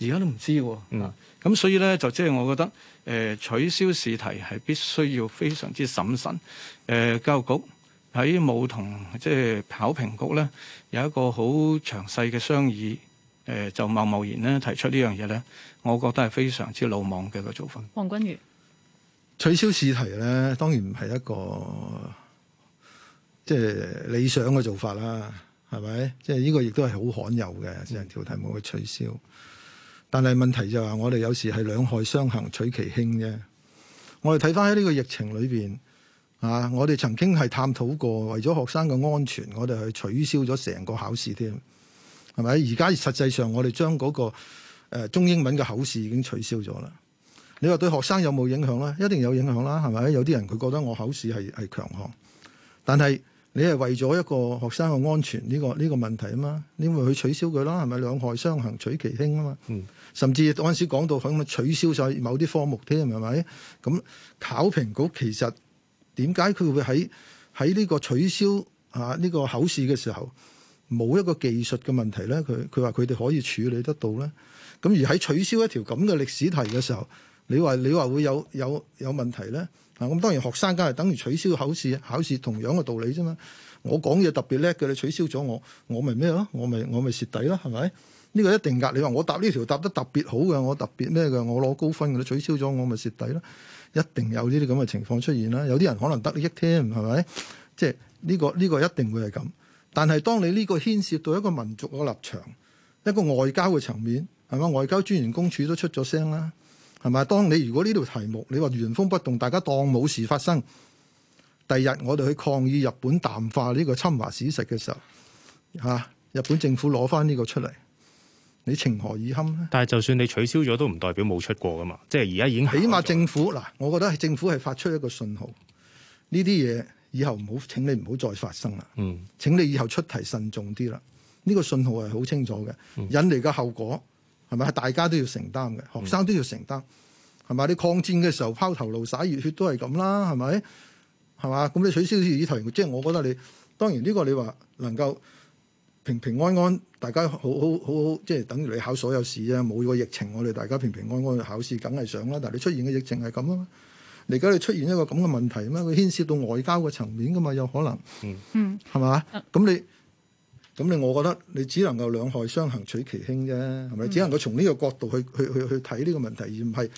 而家都唔知喎。咁、mm hmm. 所以咧，就即係我覺得誒、呃、取消試題係必須要非常之審慎。誒、呃、教育局喺冇同即係考評局咧有一個好詳細嘅商議，誒、呃、就貿貿然咧提出呢樣嘢咧，我覺得係非常之魯莽嘅一個做法。黃均瑜取消試題咧，當然唔係一個即係理想嘅做法啦。係咪？即係呢個亦都係好罕有嘅，成條題目去取消。但係問題就係話我哋有時係兩害相衡，取其輕啫。我哋睇翻喺呢個疫情裏邊啊，我哋曾經係探討過，為咗學生嘅安全，我哋去取消咗成個考試添。係咪？而家實際上我哋將嗰個誒中英文嘅考試已經取消咗啦。你話對學生有冇影響咧？一定有影響啦。係咪？有啲人佢覺得我考試係係強項，但係。你係為咗一個學生嘅安全呢個呢個問題啊嘛，你咪去取消佢啦，係咪兩害相衡取其輕啊嘛？嗯，甚至陣時講到佢響取消晒某啲科目添，係咪？咁考評局其實點解佢會喺喺呢個取消啊呢個考試嘅時候冇一個技術嘅問題咧？佢佢話佢哋可以處理得到咧。咁而喺取消一條咁嘅歷史題嘅時候，你話你話會有有有問題咧？嗱，咁當然學生梗係等於取消考試，考試同樣嘅道理啫嘛。我講嘢特別叻嘅，你取消咗我，我咪咩咯？我咪我咪蝕底咯，係咪？呢個一定㗎。你話我答呢條答得特別好嘅，我特別咩嘅？我攞高分嘅，你取消咗我咪蝕底咯。一定有呢啲咁嘅情況出現啦。有啲人可能得益添，係咪？即係呢個呢個一定會係咁。但係當你呢個牽涉到一個民族嘅立場，一個外交嘅層面，係嘛？外交專員公署都出咗聲啦。係嘛？當你如果呢條題目你話原封不動，大家當冇事發生，第日我哋去抗議日本淡化呢個侵華史實嘅時候，吓、啊，日本政府攞翻呢個出嚟，你情何以堪咧？但係就算你取消咗，都唔代表冇出過噶嘛。即係而家已經起碼政府嗱，我覺得政府係發出一個信號，呢啲嘢以後唔好，請你唔好再發生啦。嗯，請你以後出題慎重啲啦。呢、這個信號係好清楚嘅，引嚟嘅後果。係咪？大家都要承擔嘅，學生都要承擔，係咪？你抗戰嘅時候拋頭顱灑熱血都係咁啦，係咪？係嘛？咁你取消呢啲議題，即係我覺得你當然呢個你話能夠平平安安，大家好好好好，即係等於你考所有試啊，冇個疫情我哋大家平平安安去考試梗係想啦。但係你出現嘅疫情係咁啊，而家你出現一個咁嘅問題咩？佢牽涉到外交嘅層面噶嘛，有可能，嗯，係嘛？咁你。咁你，我覺得你只能夠兩害相衡取其輕啫，係咪？只能夠從呢個角度去去去去睇呢個問題，而唔係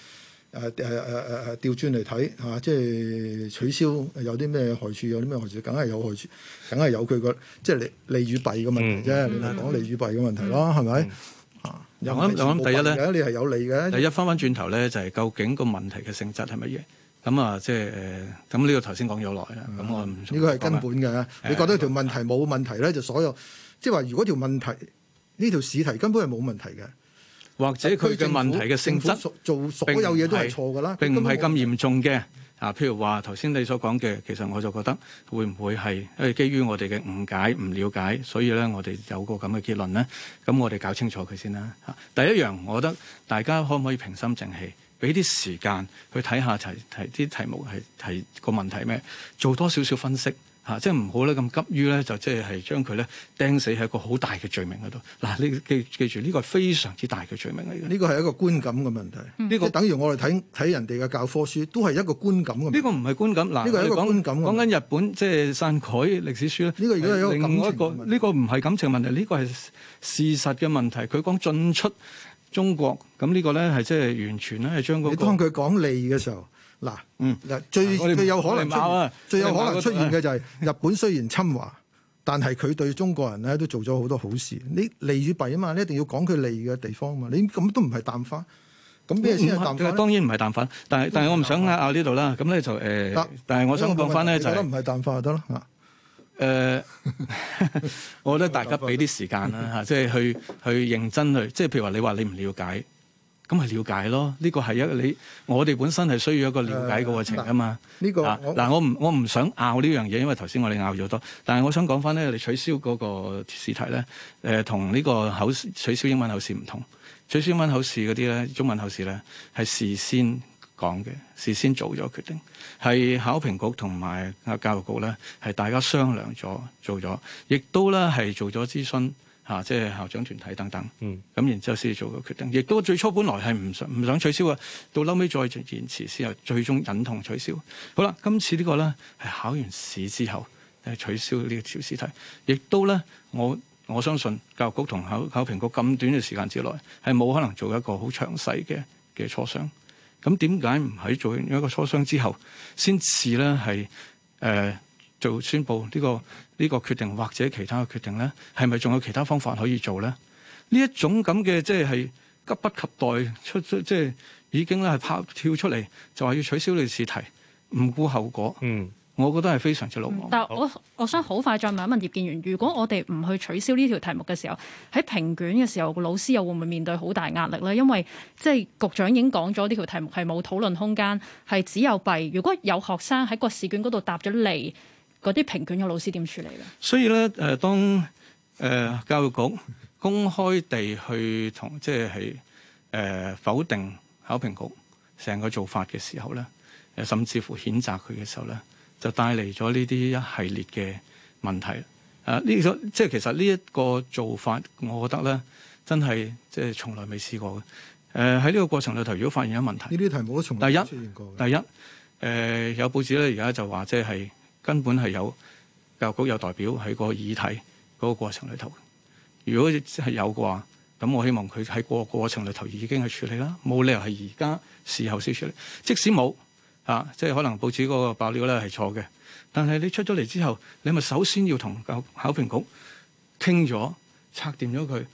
誒誒誒誒調轉嚟睇吓，即係取消有啲咩害處，有啲咩害處，梗係有害處，梗係有佢個即係利利與弊嘅問題啫。你講利與弊嘅問題咯，係咪？我諗我諗第一咧，你係有利嘅。第一翻翻轉頭咧，就係究竟個問題嘅性質係乜嘢？咁啊，即係誒，咁呢個頭先講咗來啊。咁我呢個係根本嘅，你覺得條問題冇問題咧，就所有。即係話，如果條問題呢條試題根本係冇問題嘅，或者佢嘅問題嘅性質府做所有嘢都係錯㗎啦，並唔係咁嚴重嘅。啊、嗯，譬如話頭先你所講嘅，其實我就覺得會唔會係誒基於我哋嘅誤解、唔了解，所以咧我哋有個咁嘅結論咧。咁我哋搞清楚佢先啦。第一樣，我覺得大家可唔可以平心靜氣，俾啲時間去睇下題題啲題目係係個問題咩？做多少少分析。吓、啊！即係唔好咧，咁急於咧，就即係係將佢咧釘死喺一個好大嘅罪名嗰度。嗱、啊，你記記住，呢、呢個係非常之大嘅罪名嚟嘅。呢個係一個觀感嘅問題。呢個、嗯、等於我哋睇睇人哋嘅教科書，都係一個觀感嘅。呢個唔係觀感，嗱、啊，呢個係觀感講。講緊日本即係篡改歷史書咧。呢個如果有一個感情，呢個唔係感情問題，呢、啊、個係事實嘅問題。佢、這、講、個、進出中國，咁呢個咧係即係完全咧、那個，係將嗰個當佢講理嘅時候。嗱，嗯，嗱，最最有可能出，最有可能出現嘅就係日本雖然侵華，但係佢對中國人咧都做咗好多好事。你利與弊啊嘛，你一定要講佢利嘅地方啊嘛。你咁都唔係淡化，咁邊係因為淡化？當然唔係淡化，但係但係我唔想喺呢度啦。咁咧就誒，但係我想講翻咧就係，唔係淡化就得啦。誒，我覺得大家俾啲時間啦嚇，即係去去認真去，即係譬如話你話你唔了解，咁咪了解咯，呢、這個係一你我哋本身係需要一個了解過程啊嘛。呢、啊這個嗱我唔我唔想拗呢樣嘢，因為頭先我哋拗咗多。但係我想講翻咧，你取消嗰個試題咧，誒同呢個口取消英文口試唔同。取消英文口試嗰啲咧，中文口試咧係事先講嘅，事先做咗決定，係考評局同埋教育局咧係大家商量咗做咗，亦都咧係做咗諮詢。嚇、啊，即係校長團體等等，咁、嗯、然之後先至做個決定。亦都最初本來係唔想唔想取消嘅，到嬲尾再延遲，先係最終忍痛取消。好啦，今次個呢個咧係考完試之後，係取消個呢個小試題。亦都咧，我我相信教育局同考考評局咁短嘅時間之內係冇可能做一個好詳細嘅嘅磋商。咁點解唔喺做一個磋商之後先至咧？係誒。就宣布呢個呢個決定或者其他嘅決定咧，係咪仲有其他方法可以做咧？呢一種咁嘅即係急不及待出，即係已經咧係拍跳出嚟就話要取消你試題，唔顧後果。嗯，我覺得係非常之魯莽。但我我想好快再問一問葉建源，如果我哋唔去取消呢條題目嘅時候，喺評卷嘅時候，個老師又會唔會面對好大壓力咧？因為即係局長已經講咗呢條題目係冇討論空間，係只有弊。如果有學生喺個試卷嗰度答咗利。嗰啲評卷嘅老師點處理咧？所以咧，誒、呃、當誒、呃、教育局公開地去同即係誒、呃、否定考評局成個做法嘅時候咧，甚至乎譴責佢嘅時候咧，就帶嚟咗呢啲一系列嘅問題。誒呢個即係其實呢一個做法，我覺得咧真係即係從來未試過嘅。誒喺呢個過程裏頭，如果發現咗問題，呢啲題目都從來冇出現過第。第一誒、呃、有報紙咧，而家就話即係。根本係有教育局有代表喺個議題嗰個過程裏頭。如果真係有嘅話，咁我希望佢喺個過程裏頭已經係處理啦，冇理由係而家事後先處理。即使冇嚇，啊，即係可能報紙嗰個爆料咧係錯嘅，但係你出咗嚟之後，你咪首先要同教考評局傾咗，拆掂咗佢。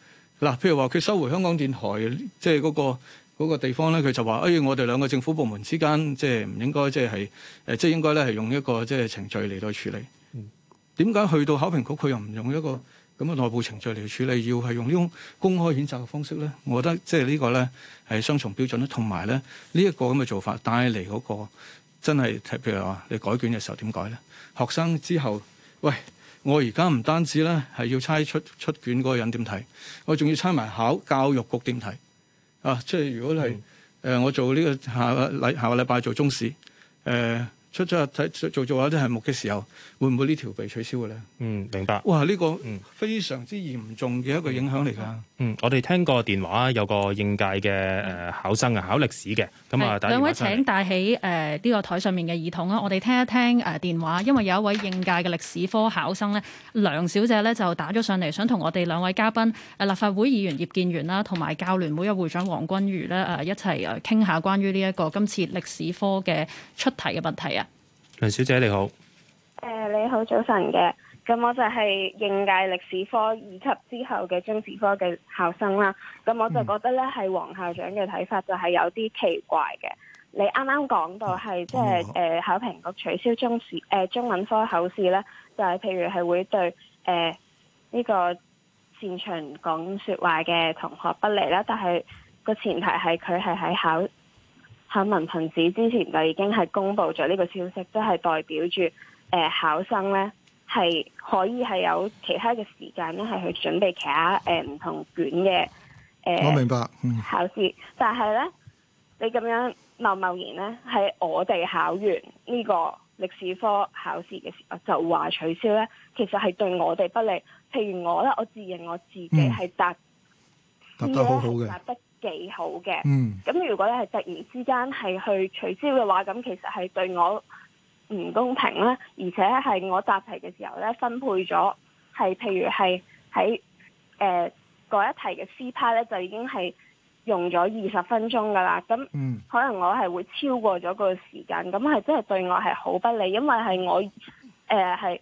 嗱，譬如話佢收回香港電台，即係嗰個。嗰個地方咧，佢就話：，哎，我哋兩個政府部門之間，即係唔應該即係係，誒，即係應該咧係用一個即係程序嚟到處理。點解、嗯、去到考評局佢又唔用一個咁嘅內部程序嚟處理，要係用呢種公開譴責嘅方式咧？我覺得即係呢個咧係雙重標準啦。同埋咧，呢、這、一個咁嘅做法帶嚟嗰個真係，譬如話你改卷嘅時候點改咧？學生之後，喂，我而家唔單止咧係要猜出出卷嗰個人點睇，我仲要猜埋考教育局點睇。啊，即係如果係誒、嗯呃，我做呢個下禮下個禮拜做中史誒。呃出咗睇做做下啲題目嘅時候，會唔會呢條被取消嘅咧？嗯，明白。哇！呢個非常之嚴重嘅一個影響嚟㗎。嗯，我哋聽過電話有個應屆嘅誒考生啊，考歷史嘅。咁啊，的兩位請帶起誒呢、呃這個台上面嘅耳筒啊，我哋聽一聽誒、呃、電話，因為有一位應屆嘅歷史科考生咧，梁小姐咧就打咗上嚟，想同我哋兩位嘉賓誒、呃、立法會議員葉建源啦，同、呃、埋教聯會嘅會長黃均瑜咧誒一齊誒傾下關於呢一個今次歷史科嘅出題嘅問題啊！梁小姐你好，誒、嗯、你好早晨嘅，咁我就係應屆歷史科以及之後嘅中史科嘅考生啦，咁我就覺得咧係黃校長嘅睇法就係有啲奇怪嘅，你啱啱講到係即係誒考評局取消中史誒、呃、中文科口試咧，就係、是、譬如係會對誒呢、呃這個擅長講說話嘅同學不利啦，但係個前提係佢係喺考。喺文憑試之前就已經係公布咗呢個消息，都、就、係、是、代表住誒、呃、考生咧係可以係有其他嘅時間咧係去準備其他誒唔、呃、同卷嘅誒、呃嗯、我明白、考試。但係咧，你咁樣貿貿然咧喺我哋考完呢個歷史科考試嘅時候，就話取消咧，其實係對我哋不利。譬如我咧，我自認我自己係達、嗯，達得好好嘅。幾好嘅，咁、嗯、如果你係突然之間係去取消嘅話，咁其實係對我唔公平啦。而且係我答題嘅時候咧，分配咗係譬如係喺誒嗰一題嘅 C part 咧，就已經係用咗二十分鐘噶啦。咁可能我係會超過咗個時間，咁係真係對我係好不利，因為係我誒係、呃、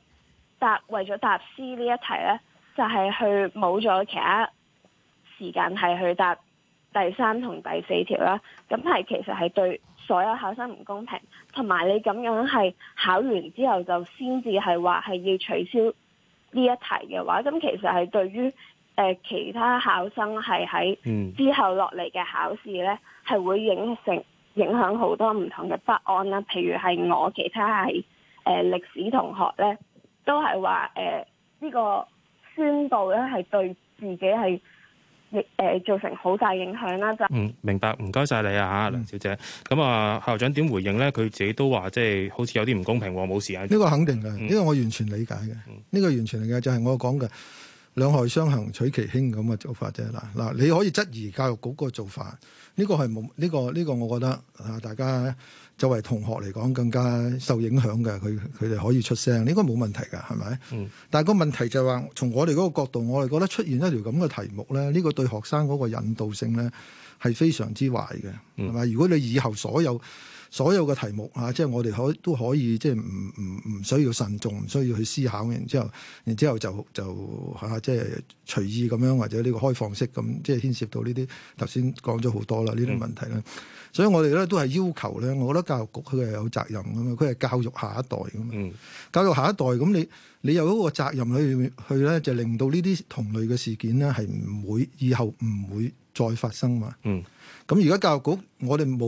答為咗答 C 呢一題咧，就係、是、去冇咗其他時間係去答。第三同第四條啦，咁係其實係對所有考生唔公平，同埋你咁樣係考完之後就先至係話係要取消呢一題嘅話，咁其實係對於誒其他考生係喺之後落嚟嘅考試呢，係會影成影響好多唔同嘅不安啦。譬如係我其他係誒歷史同學呢，都係話誒呢個宣布呢係對自己係。亦造成好大影響啦，就嗯明白，唔該晒你啊嚇梁小姐，咁啊、嗯、校長點回應咧？佢自己都話即係好似有啲唔公平喎，冇事呀。呢個肯定嘅，呢個、嗯、我完全理解嘅，呢個、嗯、完全理解，就係、嗯、我講嘅。兩害相衡，取其輕咁嘅做法啫啦。嗱，你可以質疑教育局個做法，呢、呢個係冇呢個呢個，呢個、我覺得啊，大家作為同學嚟講，更加受影響嘅，佢佢哋可以出聲，應該冇問題㗎，係咪？嗯。但係個問題就係、係、話，從我哋嗰個角度，我哋覺得出現一條咁嘅題目咧，呢、呢個對學生嗰個引導性咧係非常之壞嘅，係咪？如果你以後所有。所有嘅題目啊，即係我哋可都可以即係唔唔唔需要慎重，唔需要去思考嘅。然之後，然之後就就嚇、啊，即係隨意咁樣或者呢個開放式咁，即係牽涉到呢啲頭先講咗好多啦，呢啲問題啦。嗯、所以我哋咧都係要求咧，我覺得教育局佢係有責任噶嘛，佢係教育下一代噶嘛。教育下一代，咁你你有嗰個責任去去咧，就令到呢啲同類嘅事件咧係唔會以後唔會再發生嘛。嗯。咁而家教育局，我哋冇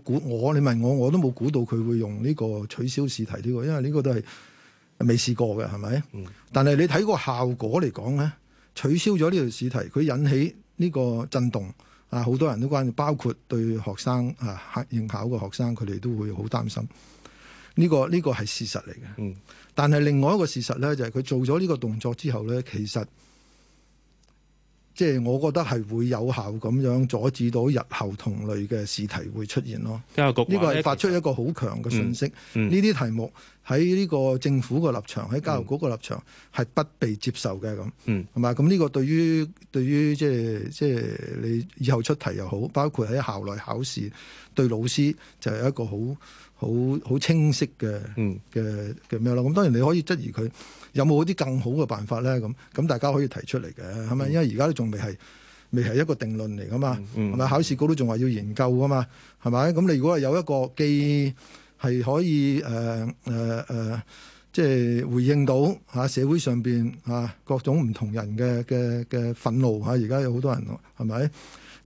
估，我你問我，我都冇估到佢會用呢個取消試題呢個，因為呢個都係未試過嘅，係咪？嗯。但係你睇個效果嚟講咧，取消咗呢條試題，佢引起呢個震動啊，好多人都關注，包括對學生啊應考嘅學生，佢哋都會好擔心。呢個呢個係事實嚟嘅。嗯。但係另外一個事實咧，就係佢做咗呢個動作之後咧，其實。即係我覺得係會有效咁樣阻止到日後同類嘅試題會出現咯。教育局呢個係發出一個好強嘅訊息。呢啲、嗯嗯、題目喺呢個政府嘅立場，喺教育局嘅立場係不被接受嘅咁、嗯。嗯，係嘛、嗯？咁呢個對於對於即係即係你以後出題又好，包括喺校內考試，對老師就係一個好。好好清晰嘅嘅嘅咩咯？咁、嗯、當然你可以質疑佢有冇啲更好嘅辦法咧？咁咁大家可以提出嚟嘅係咪？因為而家都仲未係未係一個定論嚟噶嘛？係咪、嗯、考試局都仲話要研究噶嘛？係咪？咁你如果係有一個既係可以誒誒誒，即係回應到嚇、啊、社會上邊嚇、啊、各種唔同人嘅嘅嘅憤怒嚇，而、啊、家有好多人係咪？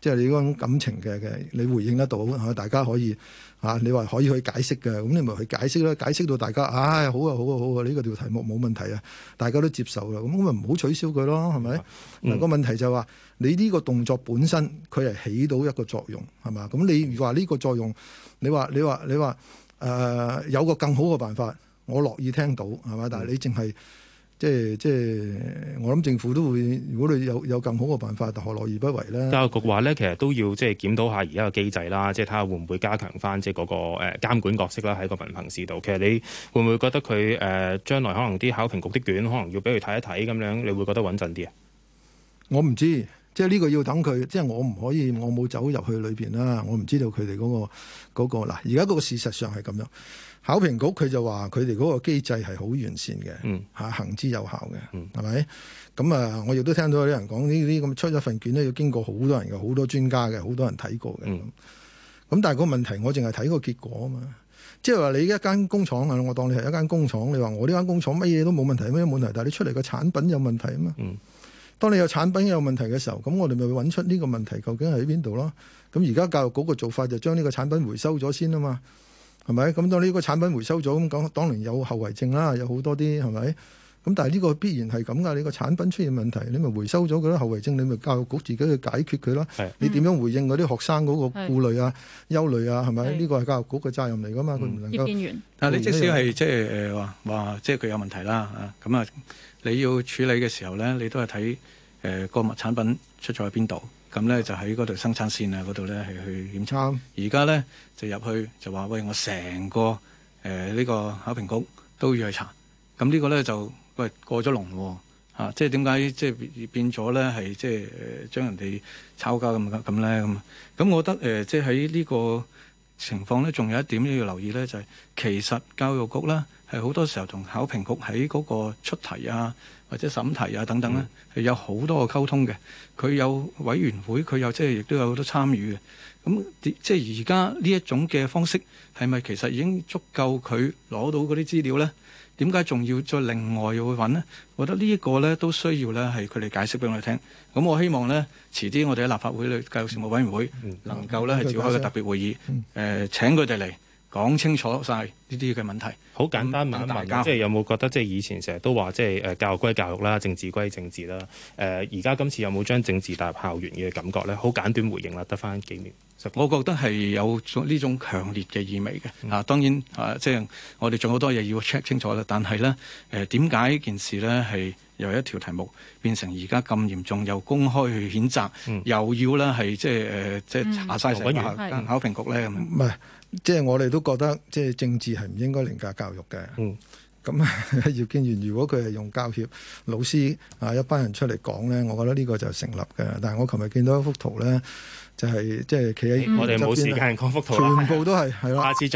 即係、就是、你嗰種感情嘅嘅，你回應得到嚇、啊，大家可以。啊！你話可以去解釋嘅，咁你咪去解釋啦。解釋到大家，唉，好啊，好啊，好啊，呢個條題目冇問題啊，大家都接受啦。咁咁咪唔好取消佢咯，係咪？嗱個問題就係話，你呢個動作本身，佢係起到一個作用，係嘛？咁你如果話呢個作用，你話你話你話，誒有個更好嘅辦法，我樂意聽到，係嘛？但係你淨係。即係即係，我諗政府都會，如果你有有更好嘅辦法，何樂而不為呢？教育局話呢，其實都要即係檢討下而家嘅機制啦，即係睇下會唔會加強翻即係嗰個誒監管角色啦，喺個文憑試度。其實你會唔會覺得佢誒將來可能啲考評局的卷可能要俾佢睇一睇咁樣，你會覺得穩陣啲啊？我唔知，即係呢個要等佢，即係我唔可以，我冇走入去裏邊啦，我唔知道佢哋嗰個嗱，而家嗰個事實上係咁樣。考評局佢就話佢哋嗰個機制係好完善嘅，吓、嗯、行之有效嘅，係咪、嗯？咁啊，我亦都聽到有啲人講呢啲咁出咗份卷咧，要經過好多人嘅，好多專家嘅，好多人睇過嘅。咁、嗯、但係個問題，我淨係睇個結果啊嘛。即係話你一間工廠啊，我當你係一間工廠，你話我呢間工廠乜嘢都冇問題，乜都冇問題，但係你出嚟個產品有問題啊嘛。嗯、當你有產品有問題嘅時候，咁我哋咪會揾出呢個問題究竟係喺邊度咯？咁而家教育局個做法就將呢個產品回收咗先啊嘛。係咪？咁當呢個產品回收咗咁講，當然有後遺症啦，有好多啲係咪？咁但係呢個必然係咁噶。你、個產品出現問題，你咪回收咗佢咯，後遺症你咪教育局自己去解決佢咯。是你點樣回應嗰啲學生嗰個顧慮啊、是憂慮啊？係咪？呢個係教育局嘅責任嚟噶嘛？佢唔、嗯、能夠。但你即使係、呃、即係誒話話即係佢有問題啦，咁啊你要處理嘅時候呢，你都係睇誒個物產品出咗喺邊度。咁咧就喺嗰度生產線啊，嗰度咧係去檢測。而家咧就入去就話：喂，我成個誒呢、呃呢個考評局都要去查。咁呢個咧就喂過咗龍喎，即係點解？即係變咗咧？係即係誒將人哋抄家咁樣咁咧咁。咁我覺得誒、呃、即係喺呢個情況咧，仲有一點要留意咧，就係、是、其實教育局啦係好多時候同考評局喺嗰個出題啊，或者審題啊等等呢，係有好多個溝通嘅。佢有委員會，佢有即係亦都有好多參與嘅。咁、嗯、即係而家呢一種嘅方式，係咪其實已經足夠佢攞到嗰啲資料呢？點解仲要再另外又會揾呢？我覺得呢一個呢都需要呢係佢哋解釋俾我哋聽。咁我希望呢，遲啲我哋喺立法會裏教育事務委員會能夠呢係召開個特別會議，誒、嗯呃、請佢哋嚟，講清楚晒呢啲嘅問題。好簡單、嗯、大問一問，即係有冇覺得即係以前成日都話即係誒教育歸教育啦，政治歸政治啦。誒而家今次有冇將政治帶入校園嘅感覺咧？好簡短回應啦，得翻幾年。幾年我覺得係有呢種強烈嘅意味嘅。嗱、啊，當然啊，即係我哋仲好多嘢要 check 清楚啦。但係咧，誒點解件事咧係由一條題目變成而家咁嚴重，又公開去譴責，又要咧係即係誒、呃、即係、啊、查晒，成間考評局咧？唔係。即係我哋都覺得，即係政治係唔應該凌駕教育嘅。嗯，咁葉 建源，如果佢係用教協老師啊一班人出嚟講咧，我覺得呢個就成立嘅。但係我琴日見到一幅圖咧，就係、是、即係企喺我哋冇時間講幅圖，全部都係係咯，下次再。